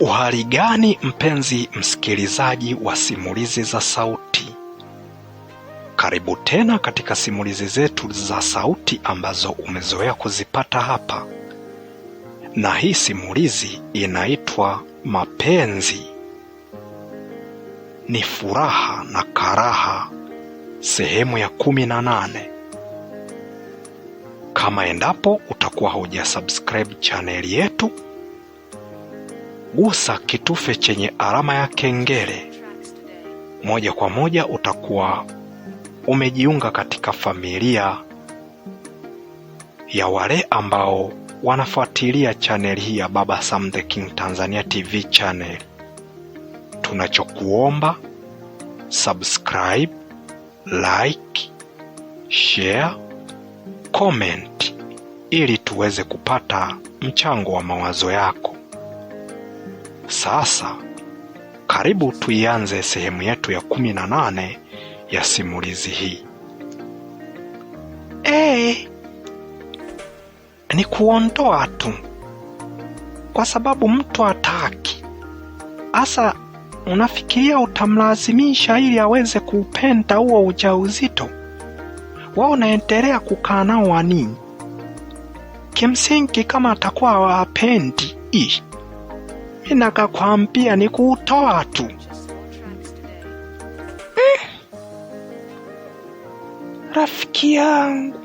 Uhali gani mpenzi msikilizaji wa simulizi za sauti, karibu tena katika simulizi zetu za sauti ambazo umezoea kuzipata hapa, na hii simulizi inaitwa Mapenzi ni Furaha na Karaha sehemu ya kumi na nane. Kama endapo utakuwa hujasubscribe chaneli yetu gusa kitufe chenye alama ya kengele, moja kwa moja utakuwa umejiunga katika familia ya wale ambao wanafuatilia chaneli hii ya Baba Sam the King Tanzania TV channel. Tunachokuomba subscribe, like, share, comment ili tuweze kupata mchango wa mawazo yako. Sasa karibu tuianze sehemu yetu ya kumi na nane ya simulizi hii. E, ni kuondoa tu, kwa sababu mtu hataki. Asa, unafikiria utamlazimisha ili aweze kuupenda huo ujauzito? Wao unaendelea kukaa nao wa nini? Kimsingi, kama atakuwa wapendi hii nakakwambia ni kuutoa tu eh. Rafiki yangu,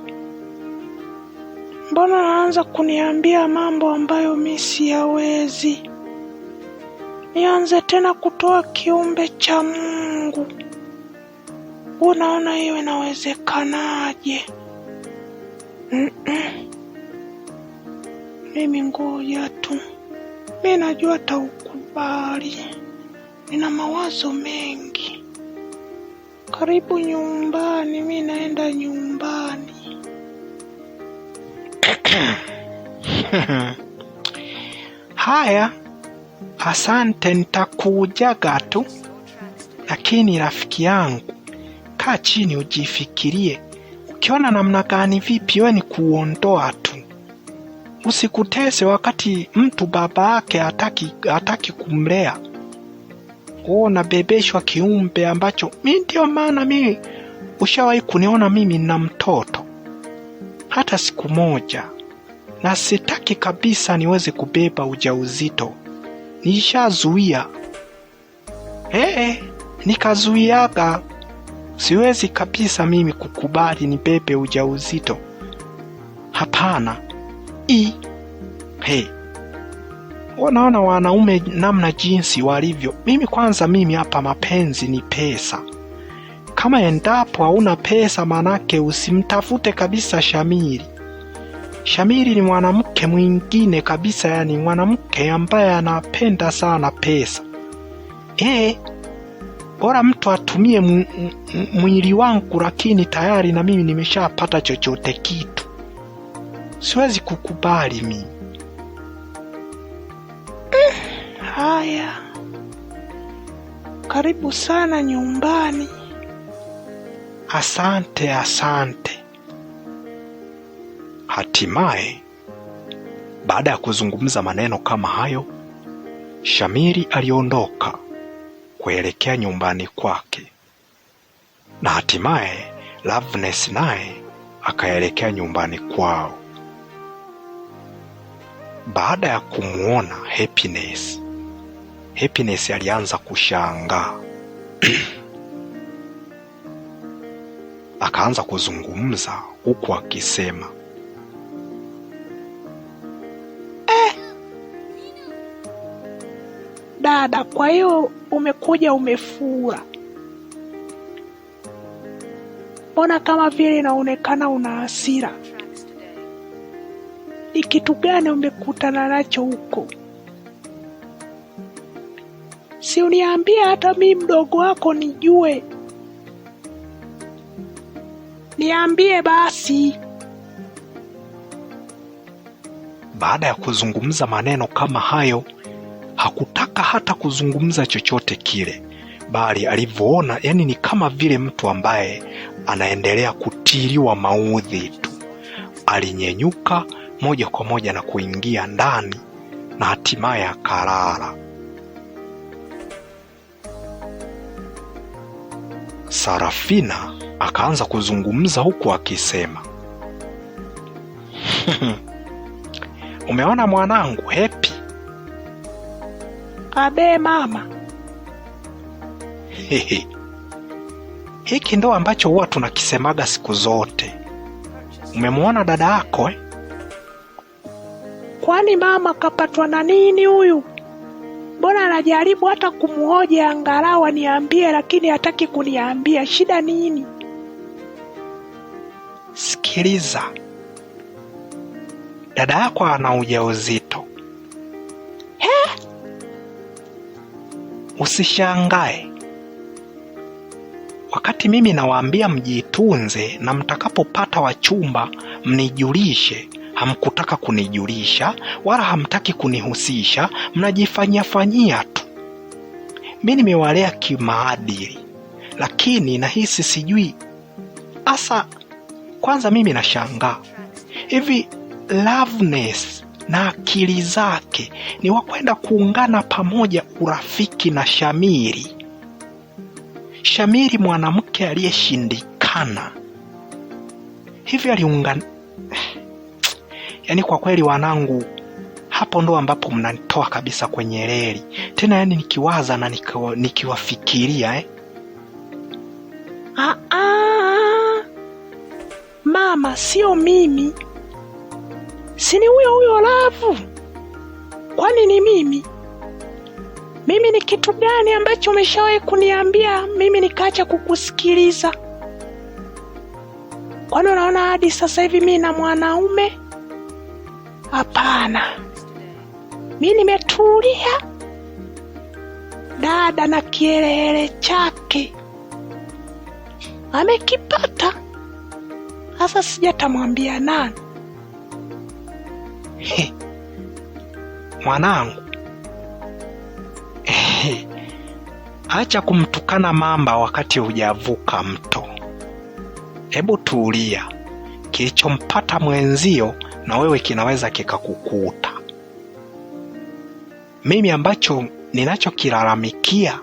mbona naanza kuniambia mambo ambayo mi siyawezi? Nianze tena kutoa kiumbe cha Mungu? Unaona hiyo inawezekanaje? Mm -mm. Mimi ngoja tu. Mi najua taukubali. Nina mawazo mengi. Karibu nyumbani, mi naenda nyumbani. Haya, asante, nitakujaga tu. Lakini rafiki yangu, kaa chini ujifikirie, ukiona namna gani vipi we ni kuondoa usikutese wakati mtu baba yake hataki, hataki kumlea kwao, nabebeshwa kiumbe ambacho mi, ndio maana mimi ushawahi kuniona mimi na mtoto hata siku moja, na sitaki kabisa niweze kubeba ujauzito. Nishazuia eh, nikazuiaga. Siwezi kabisa mimi kukubali nibebe ujauzito, hapana i he. Wanaona wanaume namna jinsi walivyo. Mimi kwanza, mimi hapa mapenzi ni pesa. Kama endapo hauna pesa, manake usimtafute kabisa Shamiri. Shamiri ni mwanamke mwingine kabisa, yani mwanamke ambaye anapenda sana pesa. Eh, bora mtu atumie mwili wangu, lakini tayari na mimi nimeshapata chochote kitu. Siwezi kukubali mi. Eh, haya, karibu sana nyumbani. Asante, asante. Hatimaye, baada ya kuzungumza maneno kama hayo, Shamiri aliondoka kuelekea nyumbani kwake, na hatimaye Loveness naye akaelekea nyumbani kwao. Baada ya kumwona Happiness, Happiness alianza kushangaa akaanza kuzungumza huku akisema eh, dada, kwa hiyo umekuja umefua, mbona kama vile inaonekana una hasira? ni kitu gani umekutana nacho huko? Si uniambia hata mi mdogo wako nijue, niambie basi. Baada ya kuzungumza maneno kama hayo, hakutaka hata kuzungumza chochote kile, bali alivyoona, yani ni kama vile mtu ambaye anaendelea kutiliwa maudhi tu, alinyenyuka moja kwa moja na kuingia ndani na hatimaye akalala. Sarafina akaanza kuzungumza huku akisema, umeona mwanangu Hepi? Abe mama, hehe, hiki ndo ambacho huwa tunakisemaga siku zote. Umemwona dada yako eh? Kwani mama kapatwa na nini huyu? Mbona anajaribu hata kumhoja angalau aniambie, lakini hataki kuniambia. Shida nini? Sikiliza, dada yako ana ujauzito. He, usishangae wakati mimi nawaambia mjitunze, na mtakapopata wachumba mnijulishe hamkutaka kunijulisha wala hamtaki kunihusisha, mnajifanyafanyia tu. Mi nimewalea kimaadili, lakini nahisi sijui hasa. Kwanza mimi nashangaa hivi Loveness na akili zake ni wakwenda kuungana pamoja urafiki na Shamiri. Shamiri mwanamke aliyeshindikana hivi aliungana yani kwa kweli wanangu, hapo ndo ambapo mnanitoa kabisa kwenye reli tena, yani nikiwaza na nikiwa, nikiwafikiria eh. Aa, ah, ah. mama, sio mimi, sini huyo huyo lavu Kwani ni mimi? Mimi ni kitu gani ambacho umeshawahi kuniambia mimi nikaacha kukusikiliza? Kwani unaona hadi sasa hivi mimi na mwanaume Hapana, mi nimetulia. Dada na kielele chake amekipata sasa, sijatamwambia nani. mwanangu, acha kumtukana mamba wakati hujavuka mto. Hebu tulia, kilichompata mwenzio na wewe kinaweza kikakukuta. Mimi ambacho ninachokilalamikia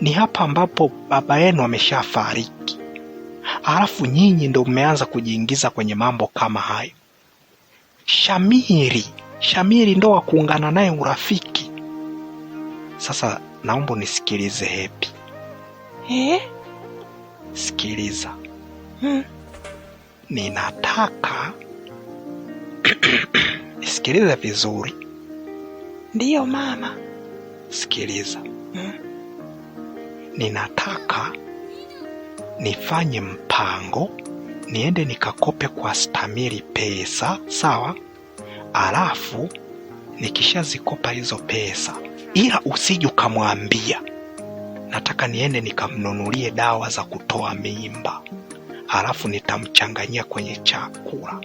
ni hapa ambapo baba yenu ameshafariki, alafu nyinyi ndo mmeanza kujiingiza kwenye mambo kama hayo. Shamiri, Shamiri ndo wa kuungana naye urafiki. Sasa naomba nisikilize hepi eh? Sikiliza hmm. Ninataka sikiliza vizuri. Ndiyo mama, sikiliza hmm. Ninataka nifanye mpango niende nikakope kwa Stamili pesa sawa, alafu nikishazikopa hizo pesa, ila usije ukamwambia nataka niende nikamnunulie dawa za kutoa mimba, alafu nitamchanganyia kwenye chakula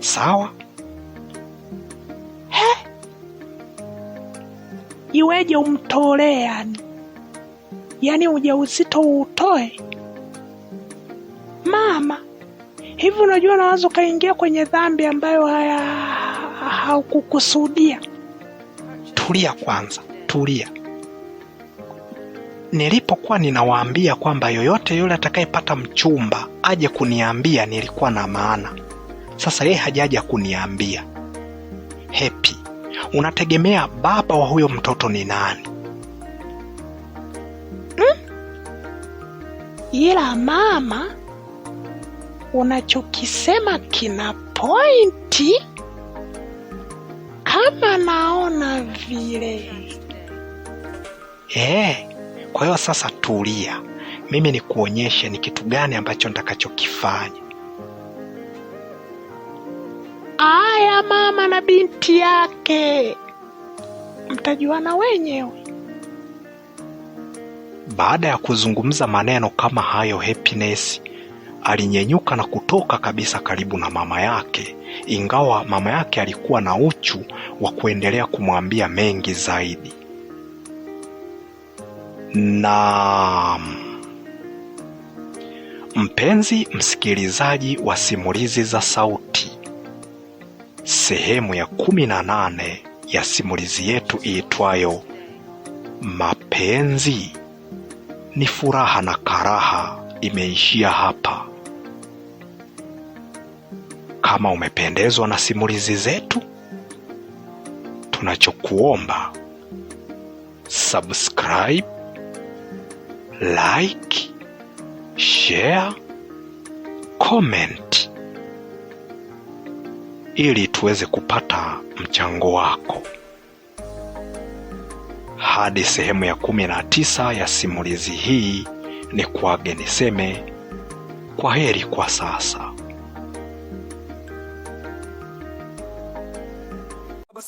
sawa. He, iweje umtolee? Yani yani ujauzito uutoe? Mama, hivi unajua unaweza ukaingia kwenye dhambi ambayo haya haukukusudia. Tulia kwanza, tulia. Nilipokuwa ninawaambia kwamba yoyote yule atakayepata mchumba aje kuniambia, nilikuwa na maana sasa yeye hajaja kuniambia Hepi, unategemea baba wa huyo mtoto ni nani? Hmm? Ila mama, unachokisema kina pointi kama naona vile. Eh, kwa hiyo sasa tulia, mimi nikuonyeshe ni kitu gani ambacho nitakachokifanya. Aya, mama na binti yake mtajuana wenyewe. Baada ya kuzungumza maneno kama hayo, Happiness alinyenyuka na kutoka kabisa karibu na mama yake, ingawa mama yake alikuwa na uchu wa kuendelea kumwambia mengi zaidi. Na mpenzi msikilizaji wa simulizi za sauti sehemu ya kumi na nane ya simulizi yetu iitwayo Mapenzi ni Furaha na Karaha imeishia hapa. Kama umependezwa na simulizi zetu, tunachokuomba subscribe, like, share, comment ili tuweze kupata mchango wako. Hadi sehemu ya kumi na tisa ya simulizi hii, ni kuage niseme kwa heri kwa sasa.